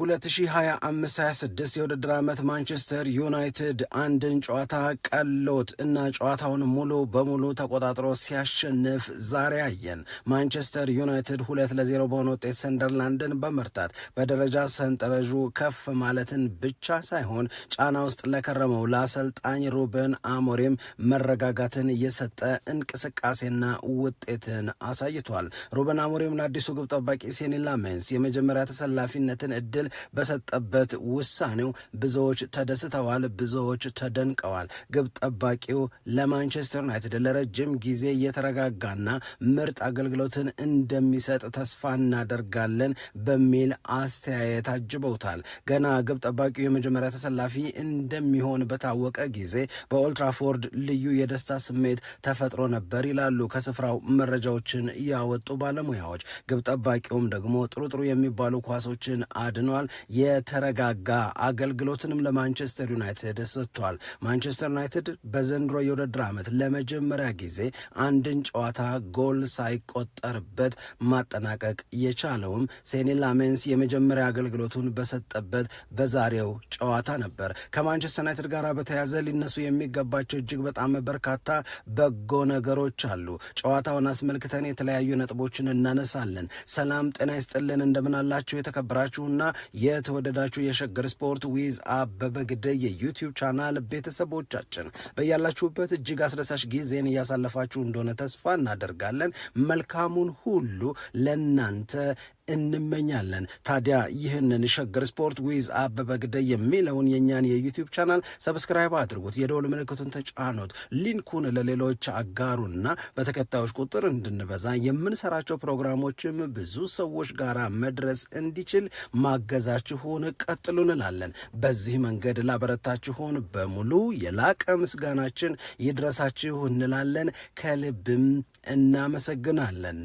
የ2025/26 የውድድር ዓመት ማንቸስተር ዩናይትድ አንድን ጨዋታ ቀሎት እና ጨዋታውን ሙሉ በሙሉ ተቆጣጥሮ ሲያሸንፍ ዛሬ አየን። ማንቸስተር ዩናይትድ ሁለት ለዜሮ በሆነ ውጤት ሰንደርላንድን በመርታት በደረጃ ሰንጠረዡ ከፍ ማለትን ብቻ ሳይሆን ጫና ውስጥ ለከረመው ለአሰልጣኝ ሩበን አሞሪም መረጋጋትን የሰጠ እንቅስቃሴና ውጤትን አሳይቷል። ሩበን አሞሪም ለአዲሱ ግብ ጠባቂ ሴኒ ላሜንስ የመጀመሪያ ተሰላፊነትን እድል በሰጠበት ውሳኔው ብዙዎች ተደስተዋል፣ ብዙዎች ተደንቀዋል። ግብ ጠባቂው ለማንቸስተር ዩናይትድ ለረጅም ጊዜ የተረጋጋና ምርጥ አገልግሎትን እንደሚሰጥ ተስፋ እናደርጋለን በሚል አስተያየት አጅበውታል። ገና ግብ ጠባቂው የመጀመሪያ ተሰላፊ እንደሚሆን በታወቀ ጊዜ በኦልትራፎርድ ልዩ የደስታ ስሜት ተፈጥሮ ነበር ይላሉ ከስፍራው መረጃዎችን ያወጡ ባለሙያዎች። ግብ ጠባቂውም ደግሞ ጥሩ ጥሩ የሚባሉ ኳሶችን አድኗል። ተገኝቷል። የተረጋጋ አገልግሎትንም ለማንቸስተር ዩናይትድ ሰጥቷል። ማንቸስተር ዩናይትድ በዘንድሮ የውድድር ዓመት ለመጀመሪያ ጊዜ አንድን ጨዋታ ጎል ሳይቆጠርበት ማጠናቀቅ የቻለውም ሴኒ ላሜንስ የመጀመሪያ አገልግሎቱን በሰጠበት በዛሬው ጨዋታ ነበር። ከማንቸስተር ዩናይትድ ጋር በተያዘ ሊነሱ የሚገባቸው እጅግ በጣም በርካታ በጎ ነገሮች አሉ። ጨዋታውን አስመልክተን የተለያዩ ነጥቦችን እናነሳለን። ሰላም ጤና ይስጥልን፣ እንደምናላችሁ የተከበራችሁና የተወደዳችሁ የሸገር ስፖርት ዊዝ አበበ ግደይ የዩቲዩብ ቻናል ቤተሰቦቻችን በያላችሁበት እጅግ አስደሳች ጊዜን እያሳለፋችሁ እንደሆነ ተስፋ እናደርጋለን። መልካሙን ሁሉ ለእናንተ እንመኛለን። ታዲያ ይህንን ሸገር ስፖርት ዊዝ አበበ ግደይ የሚለውን የእኛን የዩቲዩብ ቻናል ሰብስክራይብ አድርጉት፣ የደውል ምልክቱን ተጫኑት፣ ሊንኩን ለሌሎች አጋሩና በተከታዮች ቁጥር እንድንበዛ የምንሰራቸው ፕሮግራሞችም ብዙ ሰዎች ጋር መድረስ እንዲችል ማገዛችሁን ቀጥሉ እንላለን። በዚህ መንገድ ላበረታችሁን በሙሉ የላቀ ምስጋናችን ይድረሳችሁ እንላለን። ከልብም እናመሰግናለን።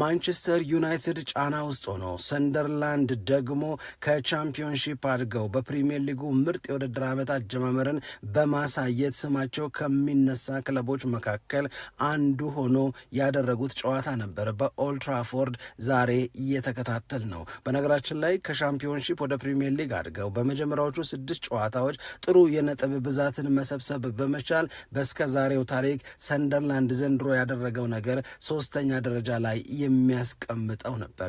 ማንቸስተር ዩናይትድ ጫና ውስጥ ውስጥ ሆኖ ሰንደርላንድ ደግሞ ከቻምፒዮንሺፕ አድገው በፕሪሚየር ሊጉ ምርጥ የውድድር ዓመት አጀማመርን በማሳየት ስማቸው ከሚነሳ ክለቦች መካከል አንዱ ሆኖ ያደረጉት ጨዋታ ነበር በኦልትራፎርድ ዛሬ እየተከታተል ነው። በነገራችን ላይ ከሻምፒዮንሺፕ ወደ ፕሪሚየር ሊግ አድገው በመጀመሪያዎቹ ስድስት ጨዋታዎች ጥሩ የነጥብ ብዛትን መሰብሰብ በመቻል በስከ ዛሬው ታሪክ ሰንደርላንድ ዘንድሮ ያደረገው ነገር ሶስተኛ ደረጃ ላይ የሚያስቀምጠው ነበር።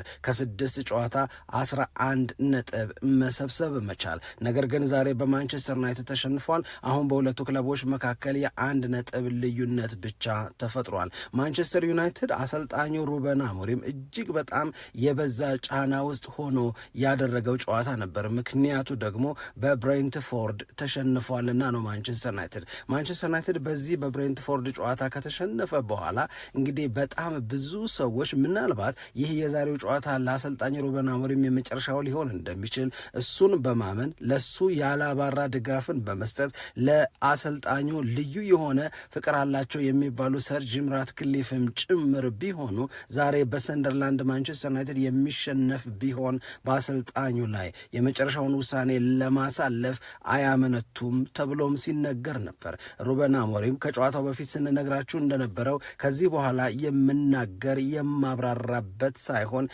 በስድስት ጨዋታ አስራ አንድ ነጥብ መሰብሰብ መቻል። ነገር ግን ዛሬ በማንቸስተር ዩናይትድ ተሸንፏል። አሁን በሁለቱ ክለቦች መካከል የአንድ ነጥብ ልዩነት ብቻ ተፈጥሯል። ማንቸስተር ዩናይትድ አሰልጣኙ ሩበን አሞሪም እጅግ በጣም የበዛ ጫና ውስጥ ሆኖ ያደረገው ጨዋታ ነበር። ምክንያቱ ደግሞ በብሬንትፎርድ ተሸንፏልና ነው። ማንቸስተር ዩናይትድ ማንቸስተር ዩናይትድ በዚህ በብሬንትፎርድ ጨዋታ ከተሸነፈ በኋላ እንግዲህ በጣም ብዙ ሰዎች ምናልባት ይህ የዛሬው ጨዋታ አሰልጣኝ ሩበን አሞሪም የመጨረሻው ሊሆን እንደሚችል እሱን በማመን ለሱ ያላባራ ድጋፍን በመስጠት ለአሰልጣኙ ልዩ የሆነ ፍቅር አላቸው የሚባሉ ሰር ጂም ራትክሊፍም ጭምር ቢሆኑ ዛሬ በሰንደርላንድ ማንቸስተር ዩናይትድ የሚሸነፍ ቢሆን በአሰልጣኙ ላይ የመጨረሻውን ውሳኔ ለማሳለፍ አያመነቱም ተብሎም ሲነገር ነበር። ሩበን አሞሪም ከጨዋታው በፊት ስንነግራችሁ እንደነበረው ከዚህ በኋላ የምናገር የማብራራበት ሳይሆን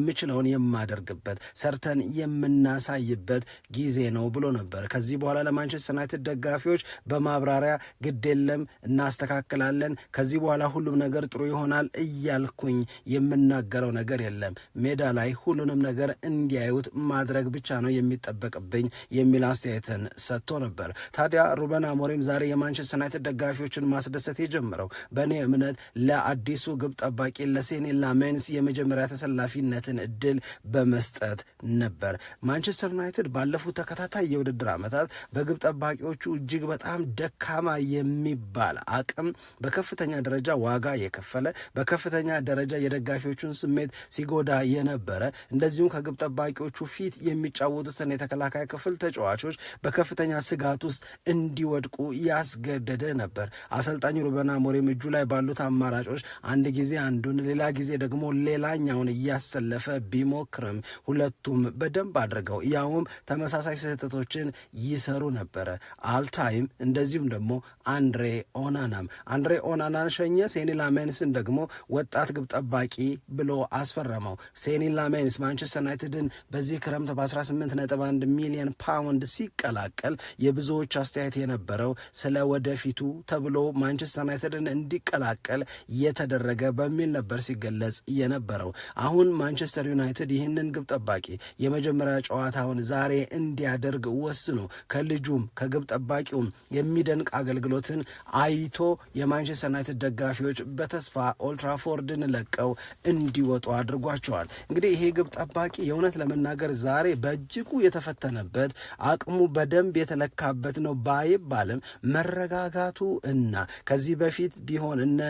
የምችለውን የማደርግበት ሰርተን የምናሳይበት ጊዜ ነው ብሎ ነበር። ከዚህ በኋላ ለማንቸስተር ዩናይትድ ደጋፊዎች በማብራሪያ ግድ የለም እናስተካክላለን፣ ከዚህ በኋላ ሁሉም ነገር ጥሩ ይሆናል እያልኩኝ የምናገረው ነገር የለም። ሜዳ ላይ ሁሉንም ነገር እንዲያዩት ማድረግ ብቻ ነው የሚጠበቅብኝ የሚል አስተያየትን ሰጥቶ ነበር። ታዲያ ሩበን አሞሪም ዛሬ የማንቸስተር ዩናይትድ ደጋፊዎችን ማስደሰት የጀመረው በእኔ እምነት ለአዲሱ ግብ ጠባቂ ለሴኔ ላሜንስ የመጀመሪያ ተሰላፊነት የማግባትን እድል በመስጠት ነበር። ማንቸስተር ዩናይትድ ባለፉት ተከታታይ የውድድር ዓመታት በግብ ጠባቂዎቹ እጅግ በጣም ደካማ የሚባል አቅም በከፍተኛ ደረጃ ዋጋ የከፈለ በከፍተኛ ደረጃ የደጋፊዎቹን ስሜት ሲጎዳ የነበረ እንደዚሁም ከግብ ጠባቂዎቹ ፊት የሚጫወቱትን የተከላካይ ክፍል ተጫዋቾች በከፍተኛ ስጋት ውስጥ እንዲወድቁ ያስገደደ ነበር። አሰልጣኝ ሩበን አሞሪም እጁ ላይ ባሉት አማራጮች አንድ ጊዜ አንዱን ሌላ ጊዜ ደግሞ ሌላኛውን እያሰለፈ ሊያሸንፍ ቢሞክርም ሁለቱም በደንብ አድርገው ያውም ተመሳሳይ ስህተቶችን ይሰሩ ነበረ። አልታይም እንደዚሁም ደግሞ አንድሬ ኦናናም አንድሬ ኦናናን ሸኘ። ሴኒ ላሜንስን ደግሞ ወጣት ግብ ጠባቂ ብሎ አስፈረመው። ሴኒ ላሜንስ ማንቸስተር ዩናይትድን በዚህ ክረምት በ18.1 ሚሊዮን ፓውንድ ሲቀላቀል የብዙዎች አስተያየት የነበረው ስለ ወደፊቱ ተብሎ ማንቸስተር ዩናይትድን እንዲቀላቀል የተደረገ በሚል ነበር ሲገለጽ የነበረው አሁን ማንቸስተር ማንቸስተር ዩናይትድ ይህንን ግብ ጠባቂ የመጀመሪያ ጨዋታውን ዛሬ እንዲያደርግ ወስኖ ከልጁም ከግብ ጠባቂውም የሚደንቅ አገልግሎትን አይቶ የማንቸስተር ዩናይትድ ደጋፊዎች በተስፋ ኦልትራፎርድን ለቀው እንዲወጡ አድርጓቸዋል። እንግዲህ ይሄ ግብ ጠባቂ የእውነት ለመናገር ዛሬ በእጅጉ የተፈተነበት አቅሙ በደንብ የተለካበት ነው ባይባልም መረጋጋቱ እና ከዚህ በፊት ቢሆን እነ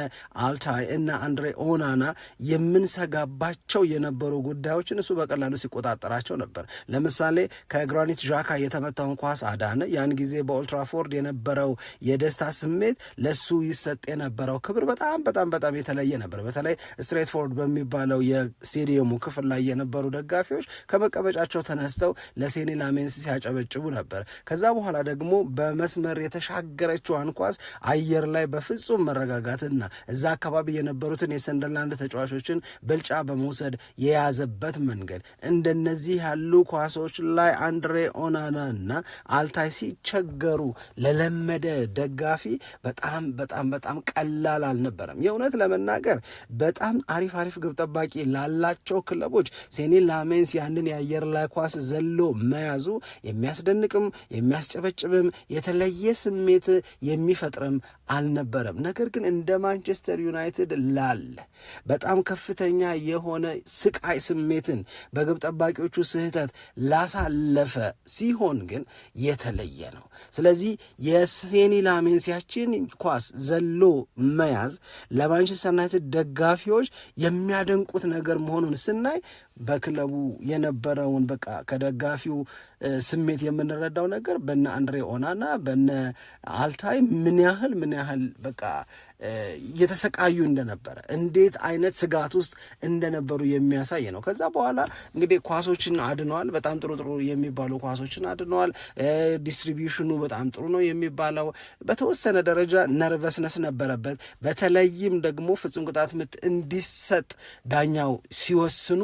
አልታይ እነ አንድሬ ኦናና የምንሰጋባቸው የነበሩ የነበሩ ጉዳዮችን እሱ በቀላሉ ሲቆጣጠራቸው ነበር። ለምሳሌ ከግራኒት ዣካ የተመታውን ኳስ አዳነ። ያን ጊዜ በኦልትራፎርድ የነበረው የደስታ ስሜት ለሱ ይሰጥ የነበረው ክብር በጣም በጣም በጣም የተለየ ነበር። በተለይ ስትሬትፎርድ በሚባለው የስቴዲየሙ ክፍል ላይ የነበሩ ደጋፊዎች ከመቀመጫቸው ተነስተው ለሴኒ ላሜንስ ሲያጨበጭቡ ነበር። ከዛ በኋላ ደግሞ በመስመር የተሻገረችዋን ኳስ አየር ላይ በፍጹም መረጋጋትና እዛ አካባቢ የነበሩትን የሰንደርላንድ ተጫዋቾችን ብልጫ በመውሰድ የያ የያዘበት መንገድ እንደነዚህ ያሉ ኳሶች ላይ አንድሬ ኦናና እና አልታይ ሲቸገሩ ለለመደ ደጋፊ በጣም በጣም በጣም ቀላል አልነበረም። የእውነት ለመናገር በጣም አሪፍ አሪፍ ግብ ጠባቂ ላላቸው ክለቦች ሴኒ ላሜንስ ያንን የአየር ላይ ኳስ ዘሎ መያዙ የሚያስደንቅም የሚያስጨበጭብም የተለየ ስሜት የሚፈጥርም አልነበረም። ነገር ግን እንደ ማንቸስተር ዩናይትድ ላለ በጣም ከፍተኛ የሆነ ስቃ የስቃይ ስሜትን በግብ ጠባቂዎቹ ስህተት ላሳለፈ ሲሆን ግን የተለየ ነው። ስለዚህ የሴኒ ላሜንሲያችን ኳስ ዘሎ መያዝ ለማንቸስተር ዩናይትድ ደጋፊዎች የሚያደንቁት ነገር መሆኑን ስናይ በክለቡ የነበረውን በቃ ከደጋፊው ስሜት የምንረዳው ነገር በነ አንድሬ ኦናና በነ አልታይ ምን ያህል ምን ያህል በቃ እየተሰቃዩ እንደነበረ እንዴት አይነት ስጋት ውስጥ እንደነበሩ የሚያሳይ ነው። ከዛ በኋላ እንግዲህ ኳሶችን አድነዋል። በጣም ጥሩ ጥሩ የሚባሉ ኳሶችን አድነዋል። ዲስትሪቢሽኑ በጣም ጥሩ ነው የሚባለው። በተወሰነ ደረጃ ነርቨስነስ ነበረበት። በተለይም ደግሞ ፍጹም ቅጣት ምት እንዲሰጥ ዳኛው ሲወስኑ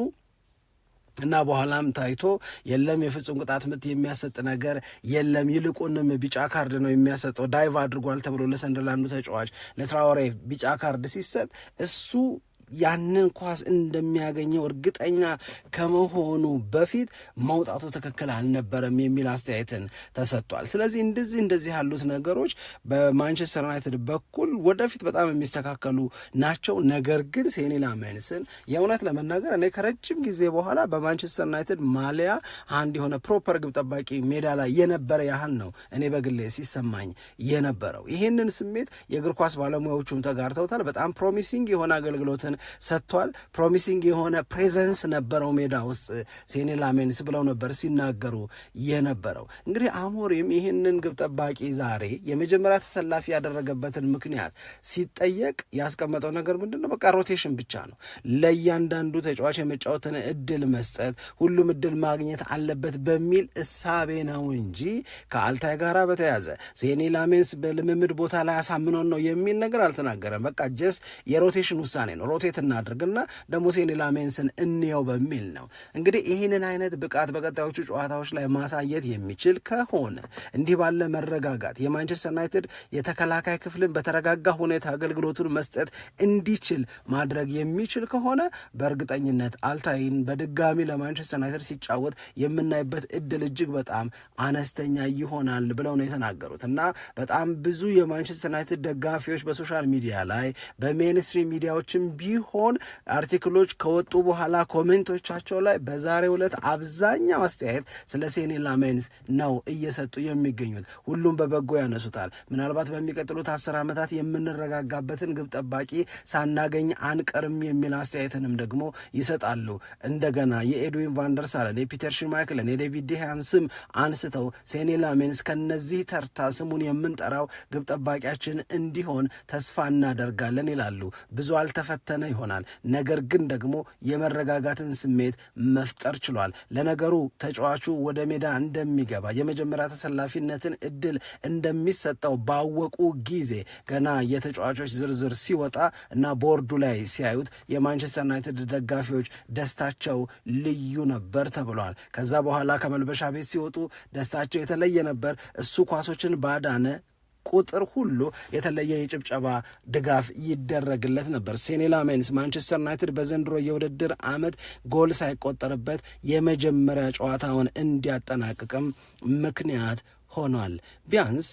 እና በኋላም ታይቶ የለም የፍጹም ቅጣት ምት የሚያሰጥ ነገር የለም፣ ይልቁንም ቢጫ ካርድ ነው የሚያሰጠው፣ ዳይቭ አድርጓል ተብሎ ለሰንደርላንዱ ተጫዋች ለትራወሬ ቢጫ ካርድ ሲሰጥ እሱ ያንን ኳስ እንደሚያገኘው እርግጠኛ ከመሆኑ በፊት መውጣቱ ትክክል አልነበረም የሚል አስተያየትን ተሰጥቷል። ስለዚህ እንደዚህ እንደዚህ ያሉት ነገሮች በማንቸስተር ዩናይትድ በኩል ወደፊት በጣም የሚስተካከሉ ናቸው። ነገር ግን ሴኒ ላመንስን የእውነት ለመናገር እኔ ከረጅም ጊዜ በኋላ በማንቸስተር ዩናይትድ ማሊያ አንድ የሆነ ፕሮፐር ግብ ጠባቂ ሜዳ ላይ የነበረ ያህል ነው እኔ በግሌ ሲሰማኝ የነበረው። ይህንን ስሜት የእግር ኳስ ባለሙያዎቹም ተጋርተውታል። በጣም ፕሮሚሲንግ የሆነ አገልግሎትን ሰጥቷል። ፕሮሚሲንግ የሆነ ፕሬዘንስ ነበረው ሜዳ ውስጥ ሴኔ ላሜንስ ብለው ነበር ሲናገሩ የነበረው። እንግዲህ አሞሪም ይህንን ግብ ጠባቂ ዛሬ የመጀመሪያ ተሰላፊ ያደረገበትን ምክንያት ሲጠየቅ ያስቀመጠው ነገር ምንድን ነው? በቃ ሮቴሽን ብቻ ነው። ለእያንዳንዱ ተጫዋች የመጫወትን እድል መስጠት፣ ሁሉም እድል ማግኘት አለበት በሚል እሳቤ ነው እንጂ ከአልታይ ጋር በተያዘ ሴኔ ላሜንስ በልምምድ ቦታ ላይ አሳምኖን ነው የሚል ነገር አልተናገረም። በቃ ጀስ የሮቴሽን ውሳኔ ነው። ሮቴት እናድርግና ደግሞ ሴኒ ላሜንስን እንየው በሚል ነው። እንግዲህ ይህንን አይነት ብቃት በቀጣዮቹ ጨዋታዎች ላይ ማሳየት የሚችል ከሆነ እንዲህ ባለ መረጋጋት የማንቸስተር ዩናይትድ የተከላካይ ክፍልን በተረጋጋ ሁኔታ አገልግሎቱን መስጠት እንዲችል ማድረግ የሚችል ከሆነ በእርግጠኝነት አልታይን በድጋሚ ለማንቸስተር ዩናይትድ ሲጫወት የምናይበት እድል እጅግ በጣም አነስተኛ ይሆናል ብለው ነው የተናገሩት እና በጣም ብዙ የማንቸስተር ዩናይትድ ደጋፊዎች በሶሻል ሚዲያ ላይ በሜንስትሪም ሚዲያዎችም ቢ ቢሆን አርቲክሎች ከወጡ በኋላ ኮሜንቶቻቸው ላይ በዛሬ ዕለት አብዛኛው አስተያየት ስለ ሴኔ ላሜንስ ነው እየሰጡ የሚገኙት። ሁሉም በበጎ ያነሱታል። ምናልባት በሚቀጥሉት አስር ዓመታት የምንረጋጋበትን ግብ ጠባቂ ሳናገኝ አንቀርም የሚል አስተያየትንም ደግሞ ይሰጣሉ። እንደገና የኤድዊን ቫንደርሳለን፣ የፒተር ሽማይክለን፣ የዴቪድ ዴሃያን ስም አንስተው ሴኔ ላሜንስ ከነዚህ ተርታ ስሙን የምንጠራው ግብ ጠባቂያችን እንዲሆን ተስፋ እናደርጋለን ይላሉ። ብዙ አልተፈተነ ይሆናል። ነገር ግን ደግሞ የመረጋጋትን ስሜት መፍጠር ችሏል። ለነገሩ ተጫዋቹ ወደ ሜዳ እንደሚገባ የመጀመሪያ ተሰላፊነትን እድል እንደሚሰጠው ባወቁ ጊዜ ገና የተጫዋቾች ዝርዝር ሲወጣ እና ቦርዱ ላይ ሲያዩት የማንቸስተር ዩናይትድ ደጋፊዎች ደስታቸው ልዩ ነበር ተብሏል። ከዛ በኋላ ከመልበሻ ቤት ሲወጡ ደስታቸው የተለየ ነበር። እሱ ኳሶችን ባዳነ ቁጥር ሁሉ የተለየ የጭብጨባ ድጋፍ ይደረግለት ነበር። ሴኔ ላሜንስ ማንቸስተር ዩናይትድ በዘንድሮ የውድድር ዓመት ጎል ሳይቆጠርበት የመጀመሪያ ጨዋታውን እንዲያጠናቅቅም ምክንያት ሆኗል ቢያንስ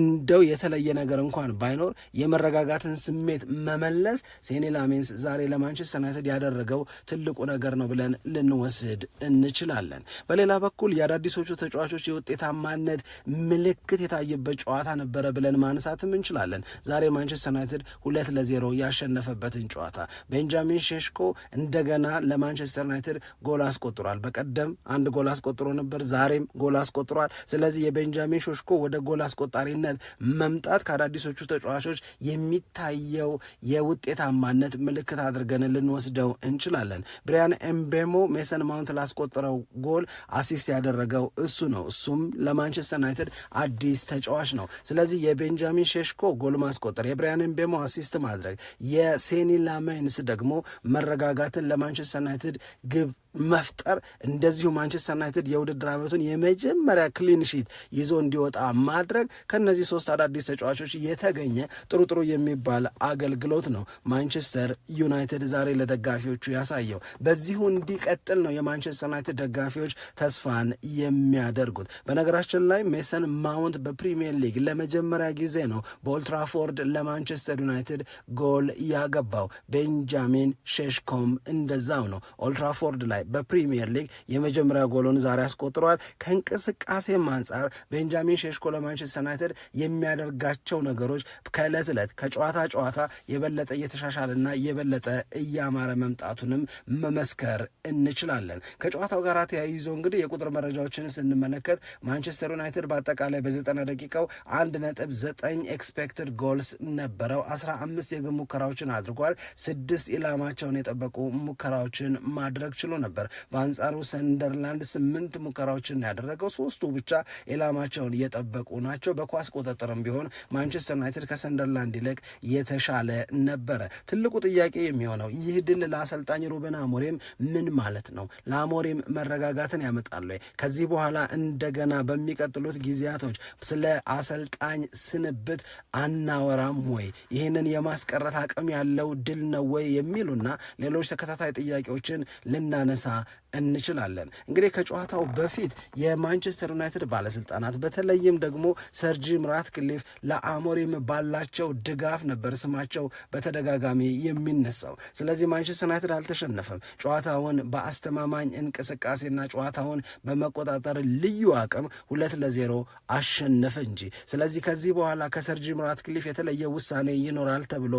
እንደው የተለየ ነገር እንኳን ባይኖር የመረጋጋትን ስሜት መመለስ ሴኔ ላሜንስ ዛሬ ለማንቸስተር ዩናይትድ ያደረገው ትልቁ ነገር ነው ብለን ልንወስድ እንችላለን። በሌላ በኩል የአዳዲሶቹ ተጫዋቾች የውጤታማነት ምልክት የታየበት ጨዋታ ነበረ ብለን ማንሳትም እንችላለን። ዛሬ ማንቸስተር ዩናይትድ ሁለት ለዜሮ ያሸነፈበትን ጨዋታ ቤንጃሚን ሼሽኮ እንደገና ለማንቸስተር ዩናይትድ ጎል አስቆጥሯል። በቀደም አንድ ጎል አስቆጥሮ ነበር፣ ዛሬም ጎል አስቆጥሯል። ስለዚህ የቤንጃሚን ሼሽኮ ወደ ጎል አስቆጣሪ ተጫዋችነት መምጣት ከአዳዲሶቹ ተጫዋቾች የሚታየው የውጤታማነት ምልክት አድርገን ልንወስደው እንችላለን። ብሪያን ኤምቤሞ ሜሰን ማውንት ላስቆጠረው ጎል አሲስት ያደረገው እሱ ነው። እሱም ለማንቸስተር ዩናይትድ አዲስ ተጫዋች ነው። ስለዚህ የቤንጃሚን ሼሽኮ ጎል ማስቆጠር፣ የብሪያን ኤምቤሞ አሲስት ማድረግ፣ የሴኒ ላሜንስ ደግሞ መረጋጋትን ለማንቸስተር ዩናይትድ ግብ መፍጠር እንደዚሁ ማንቸስተር ዩናይትድ የውድድር ዓመቱን የመጀመሪያ ክሊንሺት ይዞ እንዲወጣ ማድረግ ከእነዚህ ሶስት አዳዲስ ተጫዋቾች የተገኘ ጥሩ ጥሩ የሚባል አገልግሎት ነው ማንቸስተር ዩናይትድ ዛሬ ለደጋፊዎቹ ያሳየው። በዚሁ እንዲቀጥል ነው የማንቸስተር ዩናይትድ ደጋፊዎች ተስፋን የሚያደርጉት። በነገራችን ላይ ሜሰን ማውንት በፕሪሚየር ሊግ ለመጀመሪያ ጊዜ ነው በኦልትራፎርድ ለማንቸስተር ዩናይትድ ጎል ያገባው። ቤንጃሚን ሼሽኮም እንደዛው ነው። ኦልትራፎርድ ላይ በፕሪሚየር ሊግ የመጀመሪያ ጎሎን ዛሬ አስቆጥሯል። ከእንቅስቃሴም አንጻር ቤንጃሚን ሼሽኮ ለማንቸስተር ዩናይትድ የሚያደርጋቸው ነገሮች ከእለት ዕለት ከጨዋታ ጨዋታ የበለጠ እየተሻሻለና የበለጠ እያማረ መምጣቱንም መመስከር እንችላለን። ከጨዋታው ጋር ተያይዞ እንግዲህ የቁጥር መረጃዎችን ስንመለከት ማንቸስተር ዩናይትድ በአጠቃላይ በዘጠና ደቂቃው አንድ ነጥብ ዘጠኝ ኤክስፔክትድ ጎልስ ነበረው። አስራ አምስት የግብ ሙከራዎችን አድርጓል። ስድስት ኢላማቸውን የጠበቁ ሙከራዎችን ማድረግ ችሎ ነበር። ነበር። በአንጻሩ ሰንደርላንድ ስምንት ሙከራዎችን ያደረገው ሶስቱ ብቻ ኢላማቸውን እየጠበቁ ናቸው። በኳስ ቁጥጥርም ቢሆን ማንቸስተር ዩናይትድ ከሰንደርላንድ ይልቅ የተሻለ ነበረ። ትልቁ ጥያቄ የሚሆነው ይህ ድል ለአሰልጣኝ ሩበን አሞሪም ምን ማለት ነው? ለአሞሪም መረጋጋትን ያመጣሉ? ከዚህ በኋላ እንደገና በሚቀጥሉት ጊዜያቶች ስለ አሰልጣኝ ስንብት አናወራም ወይ? ይህንን የማስቀረት አቅም ያለው ድል ነው ወይ? የሚሉና ሌሎች ተከታታይ ጥያቄዎችን ልናነሳ ልናነሳ እንችላለን። እንግዲህ ከጨዋታው በፊት የማንቸስተር ዩናይትድ ባለስልጣናት በተለይም ደግሞ ሰር ጂም ራትክሊፍ ለአሞሪም ባላቸው ድጋፍ ነበር ስማቸው በተደጋጋሚ የሚነሳው። ስለዚህ ማንቸስተር ዩናይትድ አልተሸነፈም፣ ጨዋታውን በአስተማማኝ እንቅስቃሴና ጨዋታውን በመቆጣጠር ልዩ አቅም ሁለት ለዜሮ አሸነፈ እንጂ። ስለዚህ ከዚህ በኋላ ከሰር ጂም ራትክሊፍ የተለየ ውሳኔ ይኖራል ተብሎ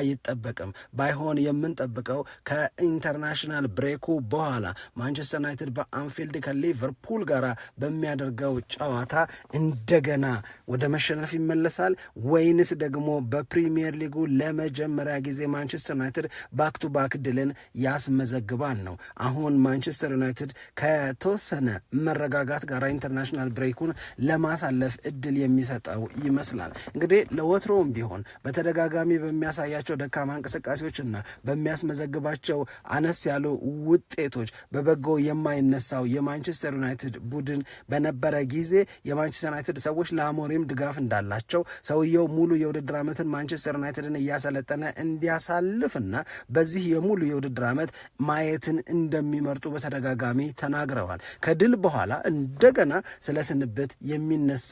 አይጠበቅም። ባይሆን የምንጠብቀው ከኢንተርናሽናል ብሬኩ በኋላ በኋላ ማንቸስተር ዩናይትድ በአንፊልድ ከሊቨርፑል ጋር በሚያደርገው ጨዋታ እንደገና ወደ መሸነፍ ይመለሳል ወይንስ ደግሞ በፕሪሚየር ሊጉ ለመጀመሪያ ጊዜ ማንቸስተር ዩናይትድ ባክ ቱ ባክ ድልን ያስመዘግባል ነው። አሁን ማንቸስተር ዩናይትድ ከተወሰነ መረጋጋት ጋር ኢንተርናሽናል ብሬኩን ለማሳለፍ እድል የሚሰጠው ይመስላል። እንግዲህ ለወትሮውም ቢሆን በተደጋጋሚ በሚያሳያቸው ደካማ እንቅስቃሴዎችና በሚያስመዘግባቸው አነስ ያሉ ውጤት ውጤቶች በበጎ የማይነሳው የማንቸስተር ዩናይትድ ቡድን በነበረ ጊዜ የማንቸስተር ዩናይትድ ሰዎች ለአሞሪም ድጋፍ እንዳላቸው ሰውየው ሙሉ የውድድር ዓመትን ማንቸስተር ዩናይትድን እያሰለጠነ እንዲያሳልፍና በዚህ የሙሉ የውድድር ዓመት ማየትን እንደሚመርጡ በተደጋጋሚ ተናግረዋል። ከድል በኋላ እንደገና ስለ ስንብት የሚነሳ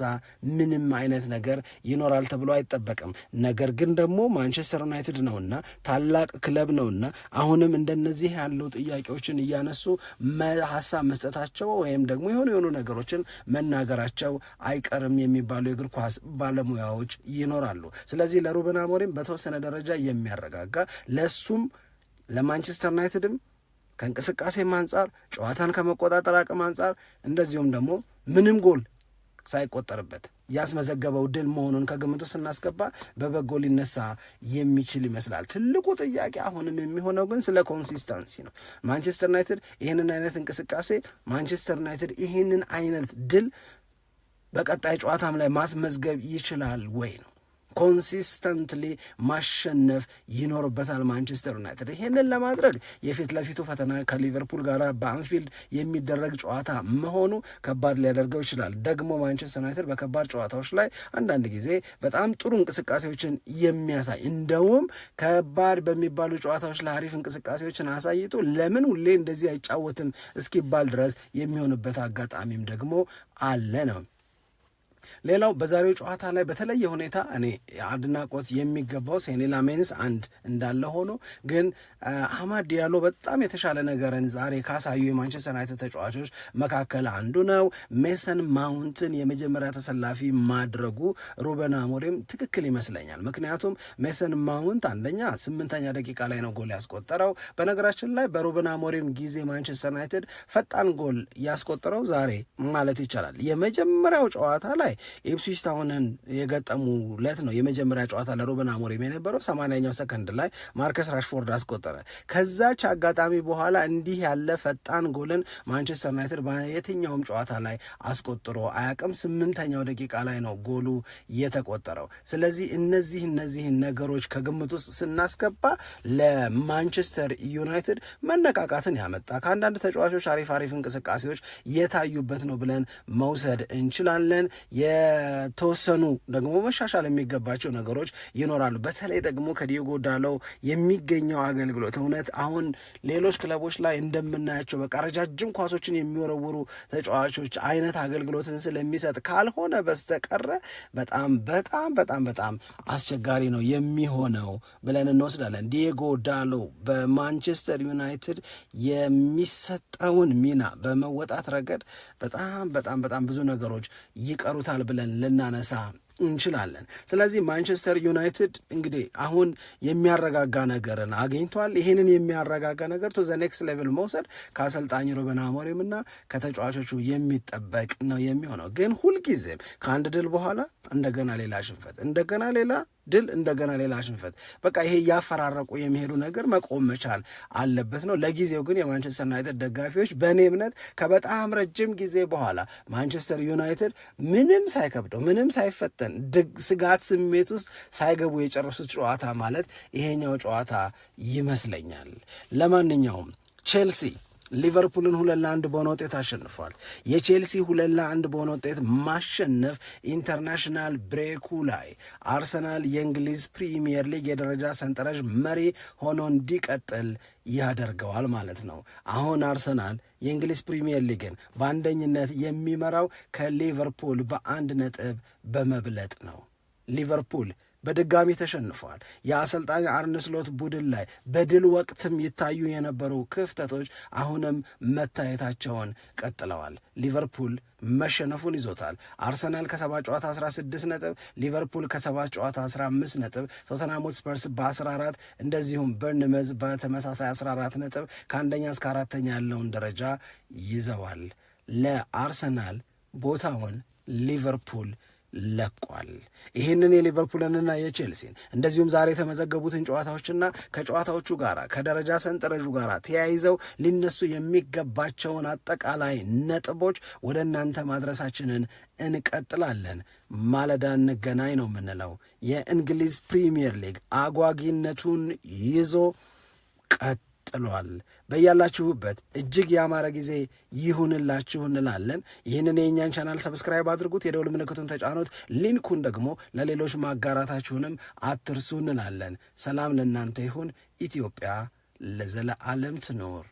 ምንም አይነት ነገር ይኖራል ተብሎ አይጠበቅም። ነገር ግን ደግሞ ማንቸስተር ዩናይትድ ነውና ታላቅ ክለብ ነውና አሁንም እንደነዚህ ያሉ ጥያቄዎችን እያነሱ ሀሳብ መስጠታቸው ወይም ደግሞ የሆኑ የሆኑ ነገሮችን መናገራቸው አይቀርም የሚባሉ የእግር ኳስ ባለሙያዎች ይኖራሉ። ስለዚህ ለሩበን አሞሪም በተወሰነ ደረጃ የሚያረጋጋ ለእሱም ለማንቸስተር ዩናይትድም ከእንቅስቃሴም አንጻር ጨዋታን ከመቆጣጠር አቅም አንጻር እንደዚሁም ደግሞ ምንም ጎል ሳይቆጠርበት ያስመዘገበው ድል መሆኑን ከግምቱ ስናስገባ በበጎ ሊነሳ የሚችል ይመስላል። ትልቁ ጥያቄ አሁንም የሚሆነው ግን ስለ ኮንሲስተንሲ ነው። ማንቸስተር ዩናይትድ ይህንን አይነት እንቅስቃሴ ማንቸስተር ዩናይትድ ይህንን አይነት ድል በቀጣይ ጨዋታም ላይ ማስመዝገብ ይችላል ወይ ነው። ኮንሲስተንትሊ ማሸነፍ ይኖርበታል ማንቸስተር ዩናይትድ። ይህንን ለማድረግ የፊት ለፊቱ ፈተና ከሊቨርፑል ጋር በአንፊልድ የሚደረግ ጨዋታ መሆኑ ከባድ ሊያደርገው ይችላል። ደግሞ ማንቸስተር ዩናይትድ በከባድ ጨዋታዎች ላይ አንዳንድ ጊዜ በጣም ጥሩ እንቅስቃሴዎችን የሚያሳይ እንደውም ከባድ በሚባሉ ጨዋታዎች ላይ አሪፍ እንቅስቃሴዎችን አሳይቶ ለምን ሁሌ እንደዚህ አይጫወትም እስኪባል ድረስ የሚሆንበት አጋጣሚም ደግሞ አለ ነው ሌላው በዛሬው ጨዋታ ላይ በተለየ ሁኔታ እኔ አድናቆት የሚገባው ሴኒ ላሜንስ አንድ እንዳለ ሆኖ ግን አማድ ዲያሎ በጣም የተሻለ ነገርን ዛሬ ካሳዩ የማንቸስተር ዩናይትድ ተጫዋቾች መካከል አንዱ ነው። ሜሰን ማውንትን የመጀመሪያ ተሰላፊ ማድረጉ ሩበን አሞሪም ትክክል ይመስለኛል። ምክንያቱም ሜሰን ማውንት አንደኛ ስምንተኛ ደቂቃ ላይ ነው ጎል ያስቆጠረው። በነገራችን ላይ በሩበን አሞሪም ጊዜ ማንቸስተር ዩናይትድ ፈጣን ጎል ያስቆጠረው ዛሬ ማለት ይቻላል የመጀመሪያው ጨዋታ ላይ ኢፕስዊች ታውንን የገጠሙ ለት ነው የመጀመሪያ ጨዋታ ለሩበን አሞሪም የነበረው። ሰማንያኛው ሰከንድ ላይ ማርከስ ራሽፎርድ አስቆጠረ። ከዛች አጋጣሚ በኋላ እንዲህ ያለ ፈጣን ጎልን ማንቸስተር ዩናይትድ የትኛውም ጨዋታ ላይ አስቆጥሮ አያቅም። ስምንተኛው ደቂቃ ላይ ነው ጎሉ የተቆጠረው። ስለዚህ እነዚህ እነዚህን ነገሮች ከግምት ውስጥ ስናስገባ ለማንቸስተር ዩናይትድ መነቃቃትን ያመጣ ከአንዳንድ ተጫዋቾች አሪፍ አሪፍ እንቅስቃሴዎች የታዩበት ነው ብለን መውሰድ እንችላለን። የተወሰኑ ደግሞ መሻሻል የሚገባቸው ነገሮች ይኖራሉ። በተለይ ደግሞ ከዲዮጎ ዳሎ የሚገኘው አገልግሎት እውነት አሁን ሌሎች ክለቦች ላይ እንደምናያቸው በቃ ረጃጅም ኳሶችን የሚወረውሩ ተጫዋቾች አይነት አገልግሎትን ስለሚሰጥ ካልሆነ በስተቀረ በጣም በጣም በጣም በጣም አስቸጋሪ ነው የሚሆነው ብለን እንወስዳለን። ዲዮጎ ዳሎ በማንቸስተር ዩናይትድ የሚሰጠውን ሚና በመወጣት ረገድ በጣም በጣም በጣም ብዙ ነገሮች ይቀሩታል ብለን ልናነሳ እንችላለን። ስለዚህ ማንቸስተር ዩናይትድ እንግዲህ አሁን የሚያረጋጋ ነገርን አግኝቷል። ይህንን የሚያረጋጋ ነገር ቶ ዘ ኔክስት ሌቭል መውሰድ ከአሰልጣኝ ሩበን አሞሪም እና ከተጫዋቾቹ የሚጠበቅ ነው የሚሆነው። ግን ሁልጊዜም ከአንድ ድል በኋላ እንደገና ሌላ ሽንፈት፣ እንደገና ሌላ ድል፣ እንደገና ሌላ ሽንፈት፣ በቃ ይሄ እያፈራረቁ የሚሄዱ ነገር መቆም መቻል አለበት ነው። ለጊዜው ግን የማንቸስተር ዩናይትድ ደጋፊዎች በእኔ እምነት ከበጣም ረጅም ጊዜ በኋላ ማንቸስተር ዩናይትድ ምንም ሳይከብደው ምንም ሳይፈጠር ተረጋግተን ስጋት ስሜት ውስጥ ሳይገቡ የጨረሱት ጨዋታ ማለት ይሄኛው ጨዋታ ይመስለኛል። ለማንኛውም ቼልሲ ሊቨርፑልን ሁለት ለአንድ በሆነ ውጤት አሸንፏል። የቼልሲ ሁለት ለአንድ በሆነ ውጤት ማሸነፍ ኢንተርናሽናል ብሬኩ ላይ አርሰናል የእንግሊዝ ፕሪሚየር ሊግ የደረጃ ሰንጠረዥ መሪ ሆኖ እንዲቀጥል ያደርገዋል ማለት ነው። አሁን አርሰናል የእንግሊዝ ፕሪሚየር ሊግን በአንደኝነት የሚመራው ከሊቨርፑል በአንድ ነጥብ በመብለጥ ነው ሊቨርፑል በድጋሚ ተሸንፈዋል። የአሰልጣኝ አርንስሎት ቡድን ላይ በድል ወቅትም ይታዩ የነበሩ ክፍተቶች አሁንም መታየታቸውን ቀጥለዋል። ሊቨርፑል መሸነፉን ይዞታል። አርሰናል ከሰባት ጨዋታ 16 ነጥብ፣ ሊቨርፑል ከሰባት ጨዋታ 15 ነጥብ፣ ቶተናም ስፐርስ በ14 እንደዚሁም በርንመዝ በተመሳሳይ 14 ነጥብ ከአንደኛ እስከ አራተኛ ያለውን ደረጃ ይዘዋል። ለአርሰናል ቦታውን ሊቨርፑል ለቋል። ይህንን የሊቨርፑልንና የቼልሲን እንደዚሁም ዛሬ የተመዘገቡትን ጨዋታዎችና ከጨዋታዎቹ ጋር ከደረጃ ሰንጠረዡ ጋር ተያይዘው ሊነሱ የሚገባቸውን አጠቃላይ ነጥቦች ወደ እናንተ ማድረሳችንን እንቀጥላለን። ማለዳ እንገናኝ ነው የምንለው። የእንግሊዝ ፕሪሚየር ሊግ አጓጊነቱን ይዞ ቀጥ ቀጥሏል። በያላችሁበት እጅግ የአማረ ጊዜ ይሁንላችሁ እንላለን። ይህንን የእኛን ቻናል ሰብስክራይብ አድርጉት፣ የደውል ምልክቱን ተጫኑት፣ ሊንኩን ደግሞ ለሌሎች ማጋራታችሁንም አትርሱ እንላለን። ሰላም ለእናንተ ይሁን። ኢትዮጵያ ለዘለዓለም ትኖር።